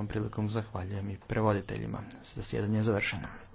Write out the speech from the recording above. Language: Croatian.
ovom prilikom zahvaljujem i prevoditeljima. Zasjedanje je završeno.